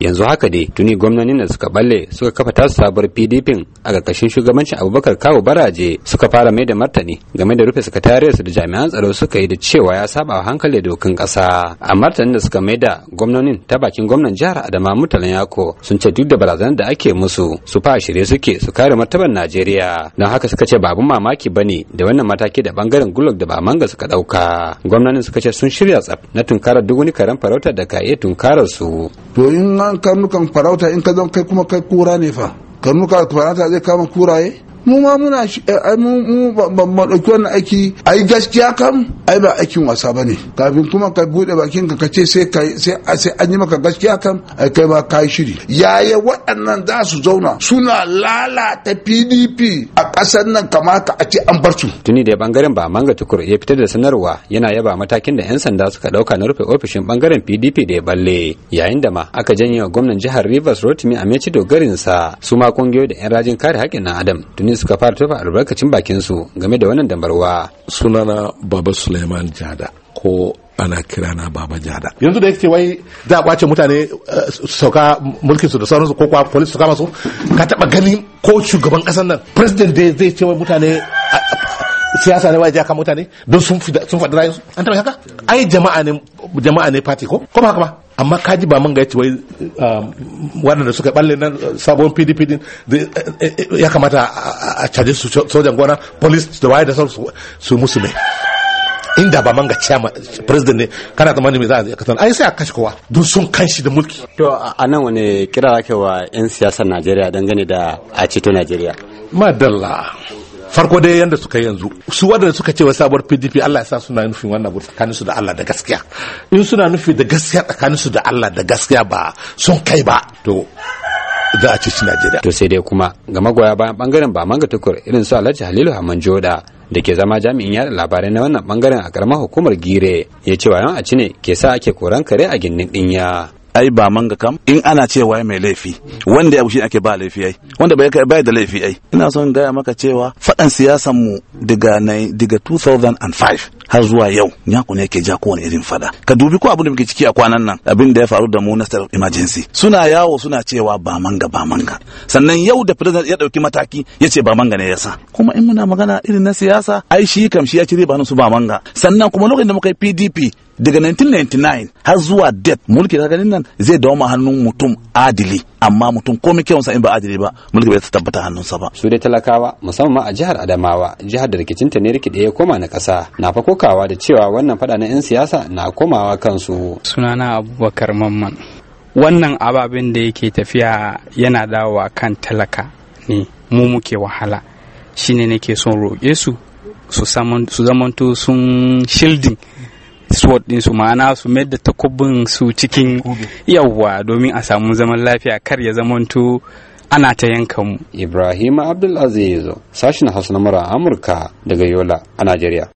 yanzu haka dai tuni gwamnonin da suka balle suka kafa tasu sabuwar pdp a ƙarƙashin shugabancin abubakar kawo baraje suka fara mai da martani game da rufe sakatariyarsu da jami'an tsaro suka yi da cewa ya saba wa hankali dokin ƙasa a martanin da suka mai da gwamnonin ta bakin gwamnan jihar adama mutalan yako sun ce duk da barazanar da ake musu su fa shirye suke su kare martaban najeriya don haka suka ce babu mamaki ba ne da wannan mataki da bangaren gulog da ba manga suka ɗauka gwamnonin suka ce sun shirya tsaf na tunkarar duk wani karen farauta da ka iya tunkarar su. karnukan farauta in ka zan kai kuma kai kura ne fa karnuka farauta zai kama kuraye mu ma muna eh, mu ban ɗauki wannan aiki ai gaskiya kam ai ba aikin wasa bane kafin kuma ka buɗe bakin ka kace sai sai sai an yi maka gaskiya kam ai kai ma kai shiri yaya waɗannan za su zauna suna lalata PDP a ƙasar nan kamata a ce an bar su tuni da bangaren ba manga tukur ya fitar da sanarwa yana yaba matakin da 'yan sanda suka ɗauka na rufe ofishin bangaren PDP da ya balle yayin da ma aka janye wa gwamnan jihar Rivers Rotimi a Amechi Dogarinsa su ma kungiyoyi da 'yan rajin kare haƙƙin na Adam suka fara tofa albarkacin bakin su game da wannan dambarwa sunana baba suleiman jada ko ana kira na baba jada yanzu da yake wai za a kwace mutane eh, sauka mulkin su da sauransu ko kwa polis su kama su ka taba ganin ko shugaban kasan nan president dai zai ce wai mutane siyasa ne waje jaka mutane don sun sun faɗi rayu an taɓa haka ai jama'a ne jama'a ne party ko kuma haka ba amma kaji ba man ga yace wai um, da suka balle nan sabon PDP din eh, eh, eh, ya kamata a caje su sojan gona police da waye da su musu mai inda ba manga ma president ne kana tsammanin me za a yi kasan ai sai a kashe kowa don sun kanshi da mulki to a nan wani kira ke wa yan siyasar Najeriya dangane da a ceto Najeriya madalla farko dai yanda suka yanzu su wadanda suka ce wa sabuwar pdp allah ya sa suna nufin wannan abu tsakaninsu da allah da gaskiya in suna nufi da gaskiya tsakaninsu da allah da gaskiya ba sun kai ba to za a ci najeriya to sai dai kuma ga magoya bayan bangaren ba manga tukur irin su alhaji halilu haman joda da ke zama jami'in yada labarai na wannan bangaren a karamar hukumar gire ya ce wayan a ci ne ke sa ake koran kare a gindin dinya ai ba manga kam in ana cewa mai laifi wanda ya bushi ake ba laifi ai wanda bai bai da laifi ai ina son gaya maka cewa fadan siyasan mu daga daga 2005 har zuwa yau nyako ne yake ja kowane irin fada ka dubi ko abin da muke ciki a kwanan nan abin da ya faru da mu na state of emergency suna yawo suna cewa ba manga ba manga sannan yau da president ya dauki mataki ya ce ba manga ne yasa kuma in muna magana irin na siyasa ai shi kam shi ya ci riba su ba manga sannan kuma lokacin da muka yi PDP daga 1999 har zuwa death mulki daga nan zai dawo hannun mutum adili amma mutum komai sa in ba adili ba mulki bai tabbata hannunsa ba su dai talakawa musamman a jihar adamawa jihar da rikicinta ne rikide ya koma na kasa na fa kokawa da cewa wannan fada na 'yan siyasa na komawa kansu sunana abubakar mamman wannan ababen da yake tafiya yana dawowa kan talaka ne mu muke wahala shine nake son roƙe su su zamanto sun shilding sword din su ma'ana su mayar da takubin su cikin yawwa domin a samu zaman lafiya kar ya zamanto ana ta yanka mu ibrahim abdulaziz sashin hausa na mura amurka daga yola a najeriya